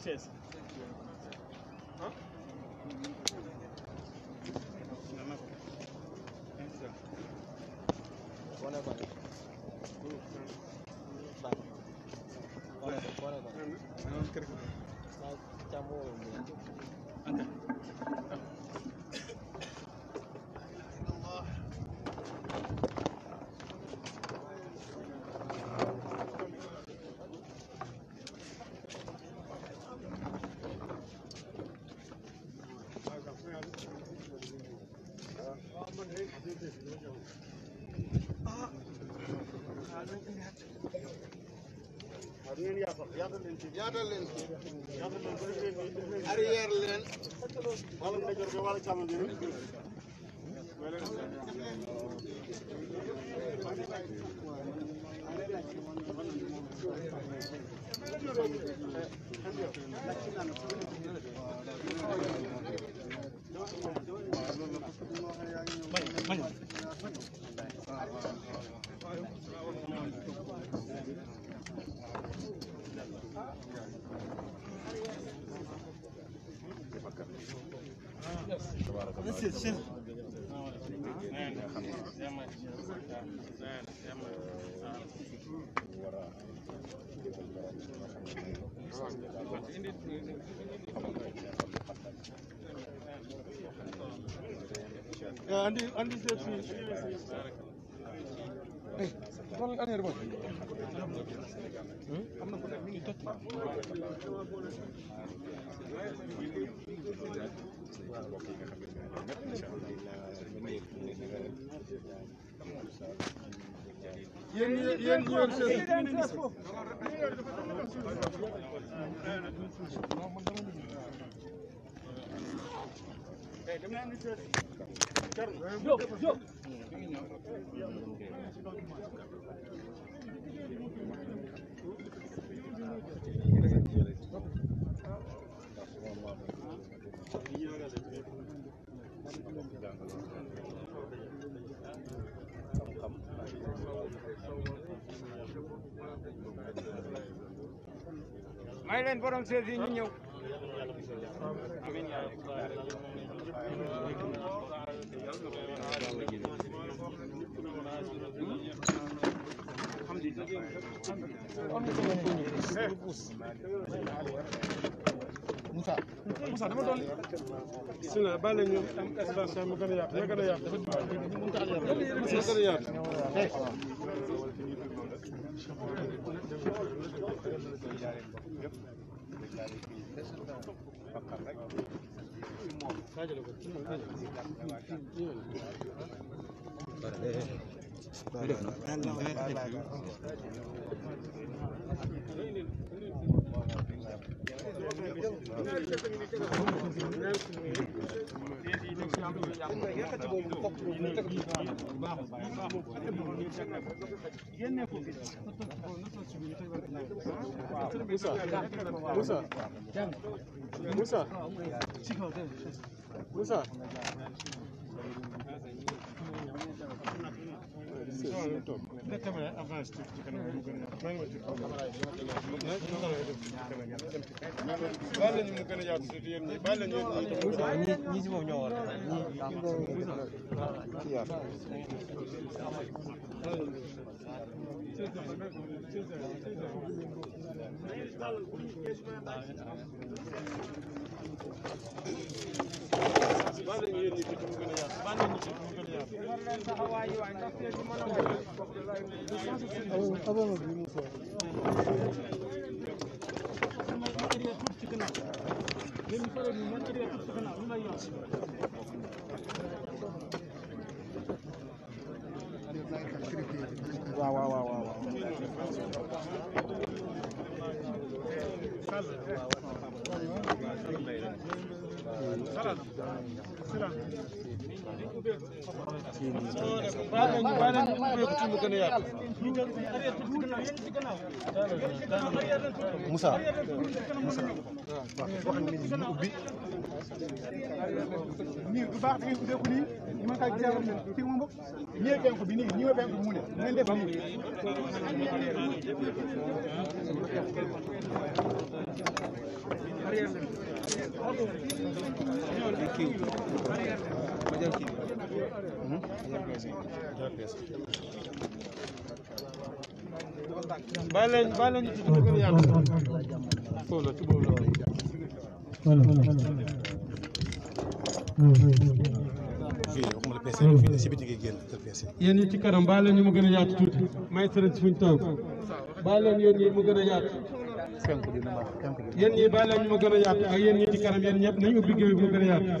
16. yaatal leen ci arrière leen wala ndeyjoor bi wala càmmoñ bi andi andi sefi kon année bi am na ku ne mi ngi jot gis nañ ci mbokk yi nga xam ne ñoom ñëpp incha allah yéen ñi yéen ñi yor seen jóg jóg Thank you. may leen borom sees yi ñu ñëw alhamdulillah Moussa Moussa dama dolli. si la bàyyi la ñu am espace mu gën a yaatu yaa gën a yaatu. gën a yaatu. Musa Musa Musa Musa ñi ci moom ñoo war a waaw waaw Salat. Salat. Moussa Moussa wax nit ñi ñu ubbi nii bu baax da ngeen ubbeeku nii ñu mën kaa gisee woon fii moom bopp ñee penk bi nii ma penk bi mu ne ngeen def nii Thank you. bàyyi leen bàyyi leen ñu ci dëgg yàlla foofu la ci boobu la voilà yéen ci kanam bàyyi ñu mu gën a yaatu tuuti may sëriñ si fuñ toog bàyyi leen yéen ñi gën a yaatu yéen ñi a yaatu ak ci kanam yéen ñëpp nañu ubbi géew bi mu gën a yaatu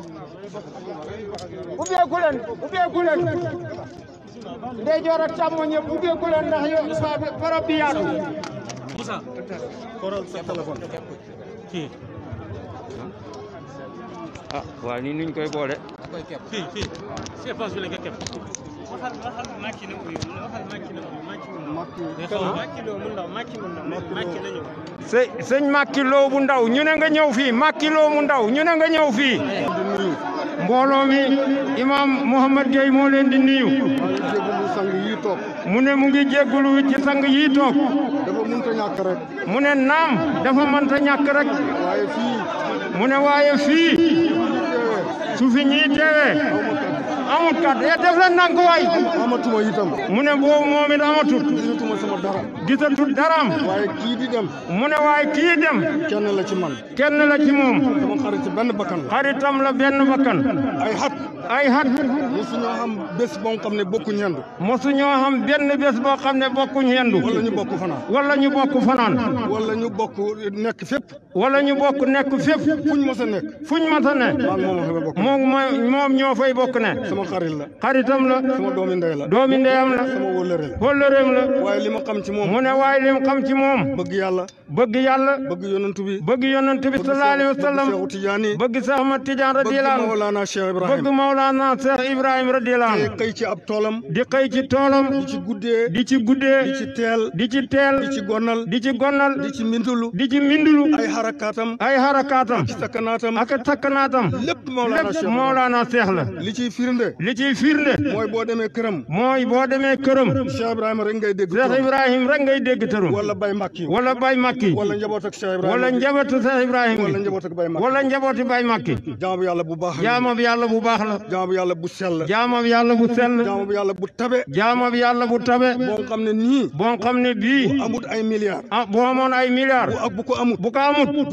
ubbeeku leen ubbeeku leen ndeyjoor ak càmmoñ ñëpp ubbeeku leen ndax yow barab bi yaatu Moussa ah, la nga sëñ Makilo bu ndaw ñu ne nga ñëw fii Makilo mu ndaw ñu ne nga ñëw fii nuyu mbooloo mi imaam Mouhamad Gueye moo leen di nuyu mu ne mu ngi jéggulu ci sang yii toog dafa mënta mu ne naam dafa mënta ñàkk rek mu ne waaye fii su fi ñii kat e def leen ndànk waay amatuma itam mu ne boobu moom it amatut dem. mu ne waaye kii dem. kenn la ci man. kenn la ci moom. benn bakkan la. xaritam la benn bakkan. ay xat. ay xat. mosu ñoo boo xam ne bokkuñ yendu. mosu ñoo xam benn bés boo xam ne bokkuñ yendu. bokk fanaan. wala ñu bokk fanaan. wala ñu bokk nekk fépp. wala ñu bokk nekk fépp. fuñ mës a nekk. fuñ mës moom moom ñoo bokk ne. sama xarit la. xaritam la. la. mu ne waaye li ma ci moom. yàlla bëgg yàlla bëgg yonantu bi bëgg yonantu bi sallallahu alayhi wa sallam bëgg Seexu Tijaan bëgg Seex Ahmad Tijaan radiyallahu bëgg Mawlaana Cheikh Ibrahim bëgg Mawlaana Cheikh Ibrahim radiyallahu di xëy ci ab toolam di xëy ci toolam di ci guddee di ci guddee di ci teel di ci teel di ci gonnal di ci gonnal di ci mindulu ay harakaatam ay harakaatam lépp Mawlaana Cheikh la li ciy firnde li ciy firnde mooy boo demee këram mooy boo demee këram Cheikh Ibrahim rek ngay dégg Cheikh Ibrahim rek ngay dégg wala Baye Macky wala njabootu Cheikh Ibrahima wala njabootu Cheikh Ibrahima wala njabootu Baye Macky wala njabootu Baye Macky jaamu yàlla bu baax jaamu yàlla bu baax la jaamu yàlla bu sell jaamu yàlla bu sell jaamu yàlla bu tabe jaamu yàlla bu tabe boo xam ne nii boo xam ne bii bu amut ay milliards ah boo amoon ay milliards ak bu amut bu ko amut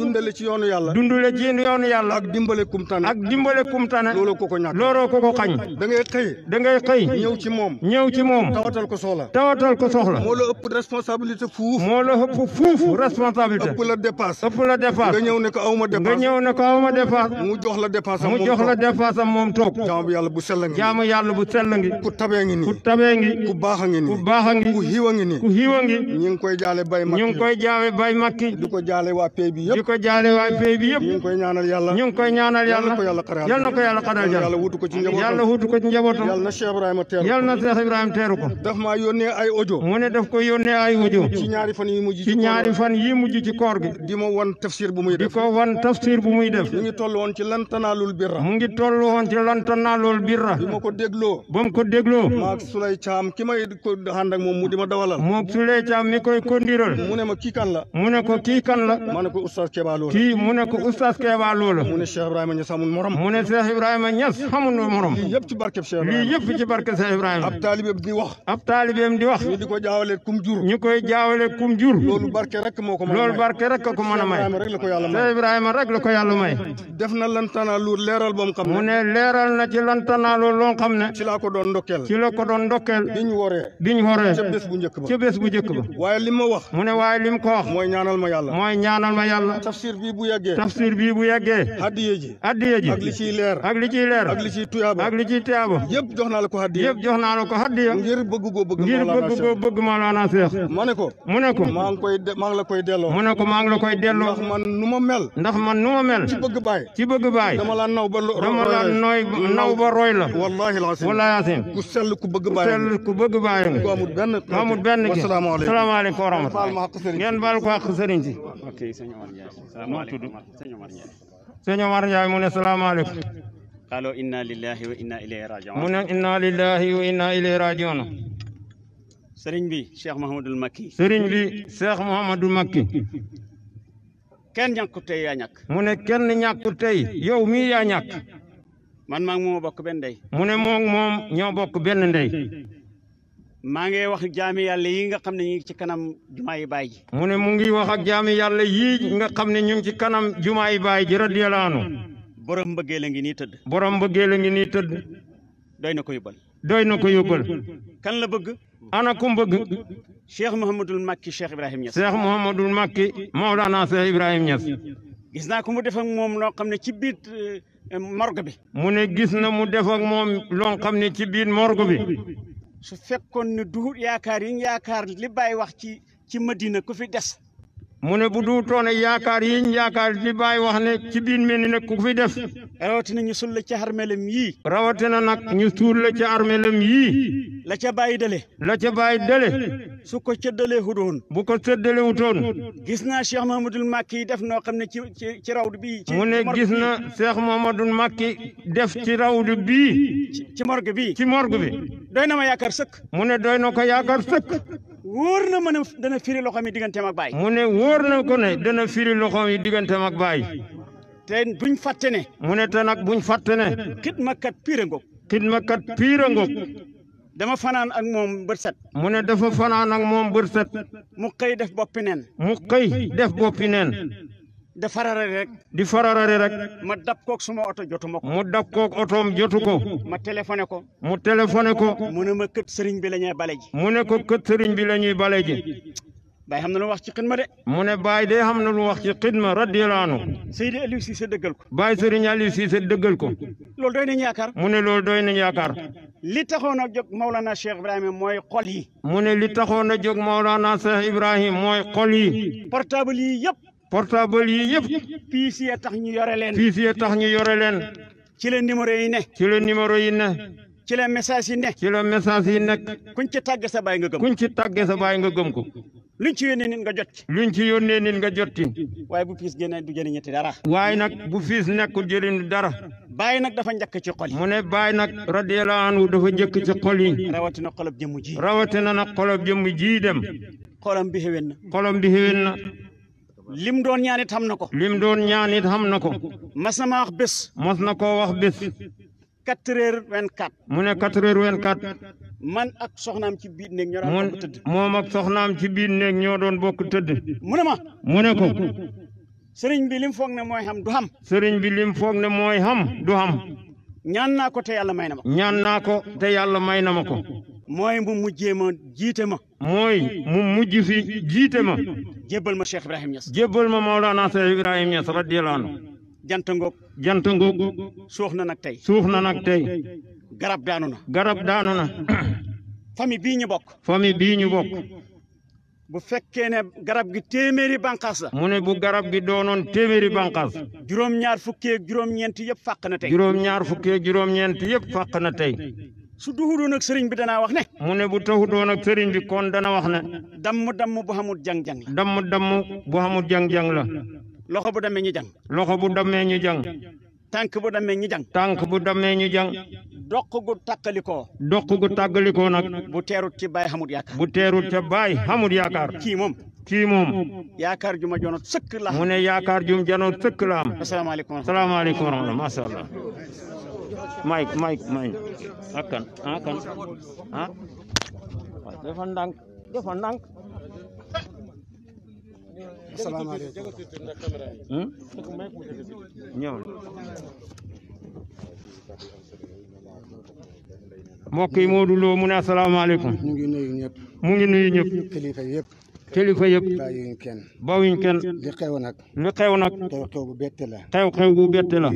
dundale ak dimbale kumtane ak dimbale kumtane looloo ko ko ñàkk looloo ko ci moom ñëw ci moom tawatal ko fuufu responsabilité ëpp la dépasse ëpp la dépasse nga ñëw ne ko awma dépasse nga a a a a bay makki ñu ko jaale waa pay bi yëpp ko jaale ñaanal yàlla ñu na ko yàlla teeru ko daf maa yónnee ay audio mu ne ko yónnee ay audio ñaari fan yii mujj ci koor gi. di ma wan ma ko dégloo. ba mu ko dégloo. maak Sulay Caam ki may ko ànd ak moom mu di ma dawalal. mook Sulay Caam mi koy kondiral. mu ne ma kii kan la. mu ne ko kii kan la. ma ne ko kii mu ne ko Oustaz Keba Lo ne Cheikh Ibrahima Niass amul morom. lii yëpp ci barke Cheikh Ibrahima ab taalibeem di wax. ab taalibeem di wax. barke rek moo ko mën a may loolu barke rek ko mën a may. Cheikh Ibrahima rek la ko yàlla may. def na lantanaa lu leeral ba xam mu ne leeral na ci lantanaa loolu loo xam ne. ci laa ko doon ndokkeel. ci la ko doon ndokkeel. biñ woree. biñ woree ca bés bu njëkk ba ca bés bu njëkk ba. waaye li ma wax. mu ne waaye li mu ko wax. mooy ñaanal ma yàlla. mooy ñaanal ma yàlla. tafsir bii bu yàggee. tafsir bii bu yàggee. addiye ji. addiye ji ak li ciy leer. ak li ciy leer. ak li ciy tuyaaba. ak li jox naa la ko addiye. yëpp naa ko addiye. ngir bëgg goo bëgg Mawlana Cheikh. ma ne ko. mu ne ko. maa la koy delloo mu ne ko maa ngi la koy delloo ndax man nu ma mel ndax man nu ma mel ci bëgg baay ci bëgg baay dama la naw ba naw ba roy la wallaahi laasim wallaahi laasim ku sell ku bëgg baay sell ku bëgg baay nga ku amul benn ku amul benn ki salaamaaleykum wa rahmatulah ngeen baal ko àq sëriñ si ok sëñ Omar Ndiaye mu ne salaamaaleykum qaaloo inna inna lillahi wa inna ilayhi rajiun sëriñ bi Cheikh Mouhamadul Makki. sëriñ bi Cheikh Mouhamadul Makki. kenn ñàkkut yaa ñàkk. mu ne kenn ñàkkut yow mii yaa ñàkk. man maa ngi moo bokk benn ndey. mu ne moom ñoo bokk benn ndey. maa ngi wax jaami yàlla yi nga xam ne ci kanam jumaayi baay ji. mu ne mu ngi wax ak jaami yàlla yii nga xam ne ñu ngi ci kanam jumaayi baay ji radiyallaahu anhu. borom ngi ni tëdd. borom mbëggee la ngi nii tëdd. doy na ko yóbbal. doy na ko yóbbal. kan la bëgg. ana ku bëgg. cheikh Mouhamadul Makki cheikh Ibrahim Niass. cheikh Mouhamadul Makki Mawlana cheikh Ibrahim Niass. gis naa ko mu def moom loo xam ne ci biir eh, morgue bi. mu ne gis na mu def ak moom loo xam ne ci biir morgue bi. su fekkoon ne du yaakaar yi yaakaar li baay wax ci ci Madina ko fi des. mu ne bu duutoone yaakaar yiñ yaakaar di bàyyi wax ne ci biir mel ni nag ku fi def rawatina ñu suul la ci armeelam yii rawatina nag ñu suul la ci armeelam yii la ca bàyyi dale la ca bàyyi dale su ko cëddalee hudoon bu ko cëddalee hutoon gis naa Cheikh Mahamadul Makki def noo xam ne ci ci rawd bi mu ne gis na Cheikh Mahamadul Makki def ci rawd bi ci morgue bi ci morgue bi doy na ma sëkk mu ne doy na ko yaakaar sëkk wóor na mën a dana firi loxoom yi digganteem ak baay. mu ne wóor na ko ne dana firi loxoom yi digganteem ak baay. te buñ fàtte ne. mu ne te nag buñ fàtte ne. xidmakat piir a ngoog. xidmakat piir a ngoog. dama fanaan ak moom bët set. mu ne dafa fanaan ak moom bët set. mu kay def boppi neen. mu xëy def boppi neen. da fararari rek. di fararari rek. ma dab koog suma oto jotu ma ko. mu dab koog otoom jotu ko. ma téléphoné ko. mu téléphoné ko. mu ne ma kët sëriñ bi la ñuy bale ji. mu ne ko kët sëriñ bi la ñuy bale ji. Baay xam na lu wax ci xidma de. mu ne Baay de xam na lu wax ci xidma radiyallaahu anhu. Seydi Aliou Cissé dëggal ko. Baay Sëriñ Aliou Cissé dëggal ko. loolu doy nañu yaakaar. mu ne lool doo nañu yaakaar. li taxoon a jóg Maulana Cheikh Ibrahima mooy xol yi. mu ne li taxoon a jóg Maulana Cheikh Ibrahima mooy xol yi. portable yi yëpp. portable yi yëpp. piis yee tax ñu yore leen. piis yee tax ci la numéro yi ne. ci la numéro yi ne. ci la message yi ne. ci la message yi nekk. kuñ ci tàgge sa baay nga gëm. kuñ ci tàgge sa baay nga gëm ko. luñ ci yónnee nit nga jot ci. luñ ci yónnee nit nga jot ci. waaye bu piis génnee du jëriñati dara. waaye nag bu piis nekkul jëriñu dara. bàyyi nag dafa njëkk ci xol yi. mu ne bàyyi nag radiyallahu anhu dafa njëkk ci xol yi. rawatina xolob jëmm ji. rawatina nag xolob jëmm ji dem. xolam bi xéwén na. xolam bi xéwén na. lim doon ñaan it xam na ko. lim doon ñaan it xam na ko. mas na ma wax bés. mas na koo wax bés. 4 heures 24. mu ne 4 heures 24. man ak soxnaam ci biir néeg ñoo doon bokk tëdd. moom ak soxnaam ci biir néeg ñoo doon bokk tëdd. mu ne ma. mu ne ko. sëriñ bi lim foog ne mooy xam du xam. sëriñ bi lim foog ne mooy xam du xam. ñaan naa ko yàlla may na ñaan naa ko te yàlla may na ma ko. mooy mu mujjee ma jiite ma. mooy mu mujj fi jiite ma. jébbal ma Cheikh Ibrahim Niass. jébbal ma Maulana Cheikh Ibrahim Niass radiyallahu anhu. jant ngoog. jant ngoog. suux na nag tey. suux na nag tey. garab daanu na. garab daanu na. famille bii ñu bokk. famille bii ñu bokk. bu fekkee ne garab gi téeméeri bànqaas mu ne bu garab gi doonoon téeméeri bànqaas. juróom-ñaar fukki juróom-ñeent yëpp fàq na tey. juróom-ñaar fukki ak juróom na tey. su duhudoon ak sëriñ bi danaa wax ne. mu ne bu taxudoon ak sëriñ bi koon dana wax ne. damm damm bu xamul jang jang la. damm damm bu xamul jang loxo bu dammee ñu jang. loxo bu dammee ñu jang. tànk bu dammee ñu jang. tànk bu dammee ñu jang. doq gu tàkkalikoo. doq gu tàkkalikoo nag. bu teerut ci baay xamul yaakaar. bu teerut ca baay xamul yaakaar. kii moom. kii moom. yaakaar ju ma jonoot sëkk la. mu ne yaakaar ju ma jonoot sëkk la am. asalaamaaleykum wa Mike Mike Mike ak ah, kan ah kan ah defal ndànk defal ndànk asalaamaaleykum hmm? ñëw mbokk yi Modou mu ne asalaamaaleykum mu ngi nuyu ñëpp mu ngi nuyu ñëpp kilifa yëpp kilifa yëpp bàyyiwuñ kenn bàyyiwuñ kenn li xew nag li xew nag xew xew bu bette la xew xew bu bette la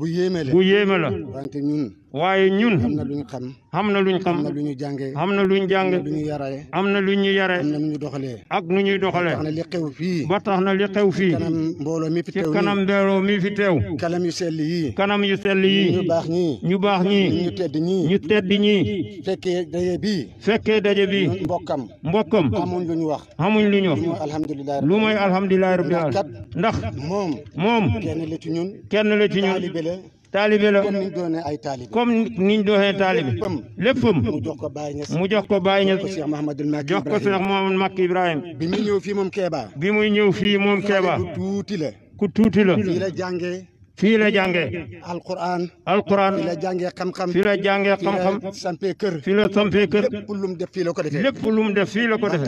bu yéeme la bu yéeme la wante ñun. waaye ñun. am na lu ñu xam. am na luñ ñu xam na lu ñu jàngee. am na lu ñu jàngee lu ñu yaree. am na lu ñu yaree. na nu doxalee. ak nu ñuy doxalee. ba tax na li xew fii. ba tax na li xew fii. kanam mbooloo mi fi teew kanam mbooloo fi teew. kanam yu sell yii. kanam yu sell yii. ñu baax ñii. ñu baax ñii. ñu tedd ñii. ñu tedd ñii. fekkee daje bii. fekkee daje bii. mbokkam. mbokkam. amuñ lu ñu wax. amuñ lu ñu wax. lu mooy alhamdulilah rabbil alamin ndax. moom. moom. kenn la ci ñun. kenn la ci ñun. taalibe la comme niñ doonee ay taalibe comme niñ doonee taalibe léppam mu jox ko Baye mu jox ko Baye Niass jox ko Cheikh Mouhamadul Makki jox ko Cheikh Mouhamadul Makki Ibrahima bi muy ñëw fii moom Kéba bi muy ñëw fii moom Kéba ku tuuti la ku tuuti la fii la jàngee fii la jàngee. alquran. alquran fii la jàngee xam-xam. fii la jàngee xam-xam. fii la sampee kër. fii la sampee kër. lépp lu mu def fii la ko defee. lépp lu mu def fii ko defee.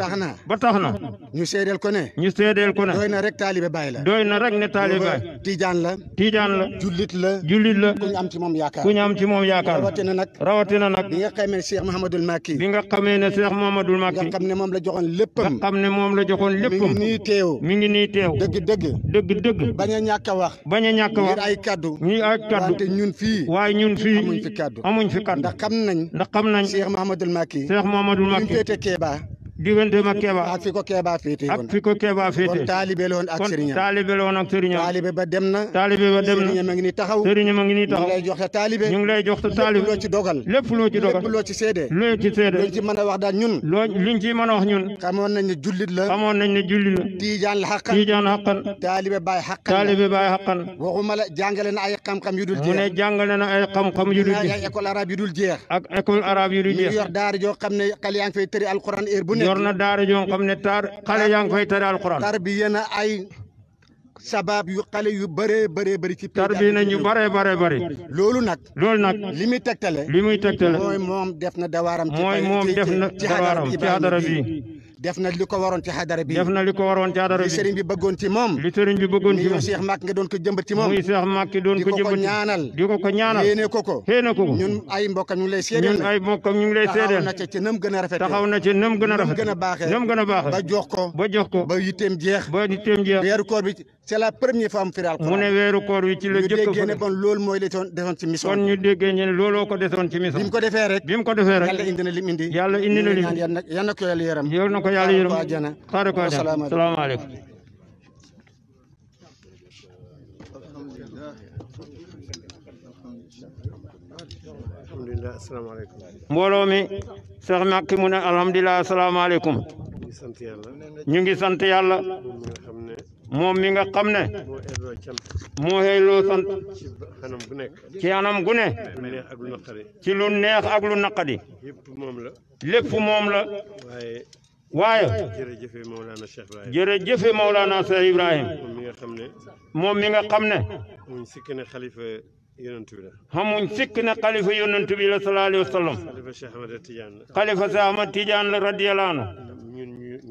ba tax na ba na. ñu seedeel ko ne. ñu seedeel ko ne. doy na rek taalibe Baay la. doy na rek ne taalibe Baay. tijaan la. tijaan la. jullit la. jullit la. ku am ci moom yaakaar. ku ñu am ci moom yaakaar. rawatina nag. rawatina nag. bi nga xamee ne Cheikh Mouhamadoul Macky. bi nga xamee ne Cheikh Mouhamadoul Macky. ga xam ne moom la joxoon léppam. nga xam ne moom la joxoon léppam. mi ngi nii teew. mi ngi nii teew. dëgg dëgg. dëgg dëgg. bañ a ñàkk a wax. a a ay kaddu. ñii ay kaddu ñun fii. waaye ñun fii amuñ fi kaddu. amuñ fi kaddu ndax xam nañ. ndax xam nañ. Cheikh Mouhamadoul Macky. Cheikh Mouhamadoul Macky. ñu féete Kéba. diggante ma Kéba. ak fi ko Kéba féete woon ak fi ko Kéba féete. kon taalibe la woon ak sëriñam taalibe la woon ak taalibe ba dem na. taalibe ba dem na a a taalibe. ñu ngi lay jox ta dogal. lépp loo dogal lépp loo seede. loo seede luñ ci mën a wax daal ñun. loo liñ ci a wax ñun. xamoon nañ nañ ne jullit la. tiijaan la xaqan taalibe baay xaqan taalibe baay xaqan. waxuma la jàngale na ay xam-xam yu dul jeex. mu ne jàngale na ay xam-xam yu dul jeex. ak école arabe yu jeex. ak école arabe yu jeex. ñu yor daara joo xam yor na daara joo xam ne taar xale yaa ngi fay tari alquran tarbiya na ay sabab yu xale yu bëree bëree bëri ci tarbiya na ñu bëree bëree bëri loolu nag loolu nag li muy tegtale li muy tegtale mooy moom def na dawaaram mooy moom def na dawaaram ci hadara bi def na li ko waroon ci xadara bi def na li ko waroon ci xadara bi li sëriñ bi bëggoon ci moom li sëriñ bi bëggoon ci moom muy Cheikh Màkk nga doon ko jëmbat ci moom muy Cheikh Màkk doon ko jëmbat di ko ko ñaanal di ko ko ñaanal yéene ko ko yéene ko ko ñun ay mbokkam ñu ngi lay seedeel ñun ay mbokkam ñu ngi lay seedeel taxaw na ci nam gën a rafet taxaw na ci nam gën a rafet nam gën a baaxee nam gën a baaxee ba jox ko ba jox ko ba yitteem jeex ba yitteem jeex weeru koor bi c'est la première fois mu firi alquran. mu ne weeru koor wi ci la jëkk ñu déggee ne kon loolu mooy la doon desoon ci mission. kon ñu déggee ne looloo ko desoon ci mission. bi mu ko defee rek. bi mu ko defee rek yàlla indi na lim indi. yàlla indi na lim yal na ko yàlla yërëm. yal na ko yàlla yërëm xaaral ko àjjana salaamaaleykum. mbooloo mi sax màkki mu ne alhamdulilah salaamaaleykum. ñu ngi sant yàlla. moom mi nga xam ne moo xeeloo sant ci anam gu ne ci lu neex ak lu naqadi lépp moom la waaye jërëjëfe Mawlana Cheikh Ibrahim moom mi nga xam ne xamuñ sikk ne xalifa yonent bi la xamuñ sikk ne xalifa yonent bi la sallallahu alayhi wa sallam xalifa Cheikh la radiyallahu anhu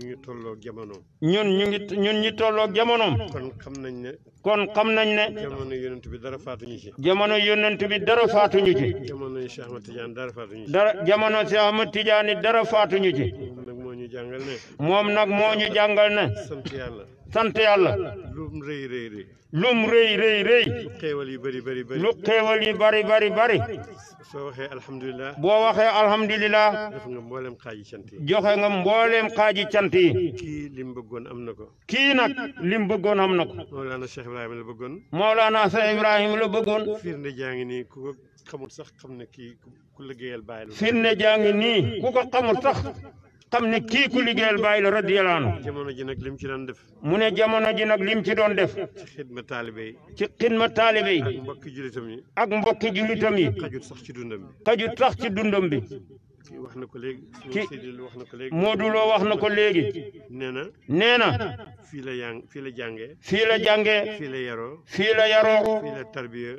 ñu tolloo jamono. ñun ñu ngi ñun ñi tolloo jamono. kon xam nañ ne. kon xam nañ ne. jamono yonent bi dara faatuñu ci. jamono yonent bi dara faatuñu ci. jamono Cheikh Ahmed Tidiane dara faatuñu ci. dara jamono Cheikh Ahmed Tidiane dara faatuñu ci. moom nag moo ñu jàngal ne. moom nag moo ñu jàngal ne. sant yàlla. sant yàlla. lum rëy rëy rëy. lum rëy rëy rëy. lu xeewal yi bari bari bari. soo waxee alhamdulilah. boo waxee alhamdulilah. joxe nga mbooleem xaaji cant yi. joxe nga cant kii lim bëggoon am na ko. kii nag lim bëggoon am na ko. Mawlana Cheikh Ibrahima la bëggoon. Mawlana Cheikh Ibrahima la bëggoon. firnde jaa ngi nii ku ko xamul sax xam na kii ku liggéeyal bàyyi la. firnde jaa nii ku ko xamul sax. xam ne kii ku liggéeyal bàyyi la radiyallahu anhu jamono ji nag lim ci doon def mu ne jamono ji nag lim ci doon def ci xidma taalibe yi ci xidma taalibe yi ak mbokki julitam yi ak mbokki julitam yi xajut sax ci dundam bi xajut sax ci dundam bi wax na ko léegi. wax na ko léegi. Modou Lo wax na ko léegi. nee na. nee na. fii la yang fii la jàngee. fii la jàngee. fii la yaroo. fii la yaroo.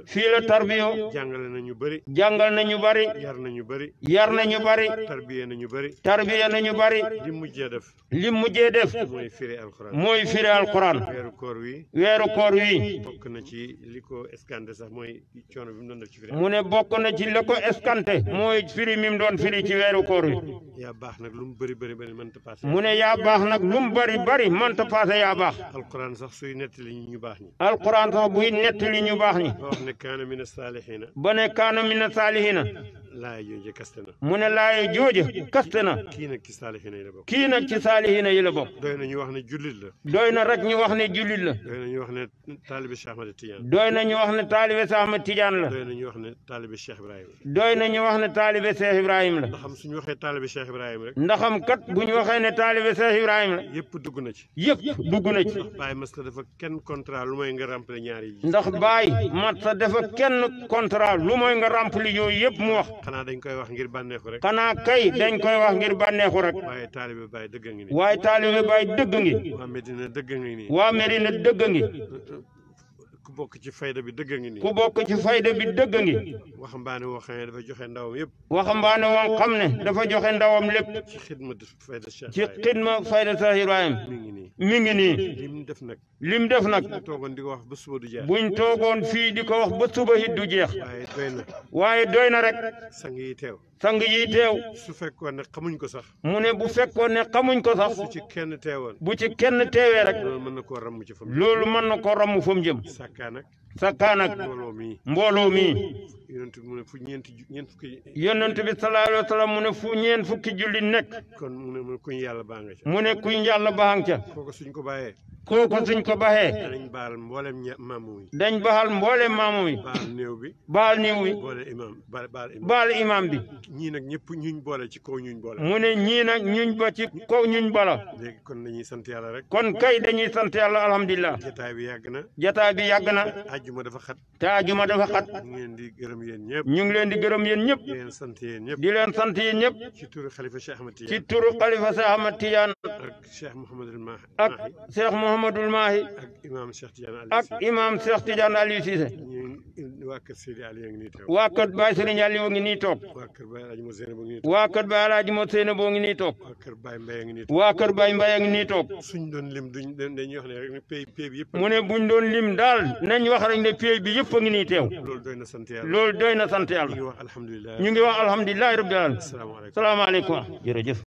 fii la tarbiyo. jàngale na ñu bëri. jàngal na ñu bëri. yar na ñu bëri. yar na ñu bëri. tarbiye na ñu bëri. tarbiye na ñu bëri. li mujjee def. li mujjee def. mooy firi alquran. mooy firi alquran. weeru koor wi. weeru koor wi. na ci li ko escanté sax mooy coono bi mu ne bokk na ci li ko escanté. mooy firi mi doon firi ci. weeru koor baax nag lu mu bëri bëri bëri mënta paase. mu ne yaa baax nag lu mu bëri bëri mënta paase yaa baax. alquran sax suy nettali ñu baax ñi. alquran sax buy nettali ñu baax ñi. ba wax ne kaana mina saalihiina. ba ne kaana mina saalihiina. laaya jooje kaste na mu ne laaya jooje kaste na kii nag ci saalihiina yi la bokk kii nag ci saalihiina yi la bokk doy na ñu wax ne jullit la doy na rek ñu wax ne jullit la doy na wax ne taalibe Cheikh Ahmad Tidiane doy na ñu wax ne taalibe Cheikh Ahmad Tidiane la doy na ñu wax ne taalibe Cheikh Ibrahima doy na ñu wax ne taalibe Cheikh Ibrahima la ndaxam suñu waxee taalibe Cheikh Ibrahima rek ndaxam kat bu ñu waxee ne taalibe Cheikh Ibrahima la yëpp dugg na ci yëpp dugg na ci ndax Baye Massa dafa kenn contrat lu mooy nga remplir ñaari yi ndax Baye Massa dafa kenn contrat lu mooy nga remplir yooyu yëpp mu wax xanaa dañ koy wax ngir bànneexu rek. xanaa kay dañ koy wax ngir bànneexu rek. waaye taalibe baay dëgg ngi waaye taalibe baay dëgg ngi. waa Medina dëgg ngi nii. waa Medina dëgg ngi. ku bokk ci fayda bi dëgg ngi nii. ku bokk ci fayda bi dëgg ngi. waxambaane woo xam ne dafa joxe ndawam yëpp. waxambaane woo xam ne dafa joxe ndawam lépp. ci xidma fayda Cheikh Ibrahim ci xidma fayda Cheikh Ibrahim. mi ngi nii mi ngi nii. lim def nag. lim def nag. buñ toogoon ko wax ba suba du jeex. buñ toogoon fii di ko wax ba suba it du jeex. waaye doy na. waaye doy na rek. sang yi teew. sang yi teew. su fekkoon ne xamuñ ko sax. mu ne bu fekkoon ne xamuñ ko sax. bu ci kenn bu ci kenn teewee rek. loolu mën na koo ramm ci jëm. Américain nag sakkaa nag mbooloo mi yonent bi mu ne fu ñeenti ñeent fukki yonent bi sallallahu alayhi wa mu ne fu ñeent fukki julli nekk kon mu kuñ yàlla baa mu ne kuñ yàlla baa suñ ko bàyyee kooku suñ ko bàyyee dañ baal mboolem maamu yi dañ néew bi baal néew bi boole imaam ñii nag ñëpp ñuñ boole ci kaw ñuñ boole mu ne ñii nag ñuñ ba ci kaw ñuñ bola léegi kon dañuy sant yàlla rek kon kay dañuy sant yàlla alhamdulilah jataay bi yàgg na jataay bi yàgg na taajuma dafa xat. taajuma dafa xat. ñu ngi leen di gërëm yéen ñëpp. ñu ngi leen di gërëm yéen ñëpp. di leen sant yéen ñëpp. di leen sant yéen ñëpp. ci turu xalifa Cheikh Ahmed Tidiane. ci turu xalifa Cheikh Ahmed Tidiane. ak Cheikh Mouhamadul Mahi. ak Cheikh Mouhamadul Mahi. ak imaam Cheikh Tidiane Aliou Cissé. ak imaam Cheikh Tidiane Aliou Cissé. waa kër Seydi Aliou a ngi nii toog. waa kër Baye Serigne Aliou a ngi nii toog. waa kër Baye Alaaji Mo Seyna boo ngi nii toog. waa kër Baye Alaaji Mo Seyna boo ngi nii toog. waa kër Baye Mbaye a ngi nii toog. waa kër Baye Mbaye a ngi nii toog. suñ doon lim duñ dañuy wax ne rek ne pays pays bi yëpp. mu ne buñ doon lim daal nañ wax nañ ne pay bi yëpp a ngi nii teew loolu doy na sant yàlla loolu doy na sant yàlla ñu ngi wax alhamdulilah ñu ngi wax alhamdulilah rabbil alamin salaamaaleykum jërëjëf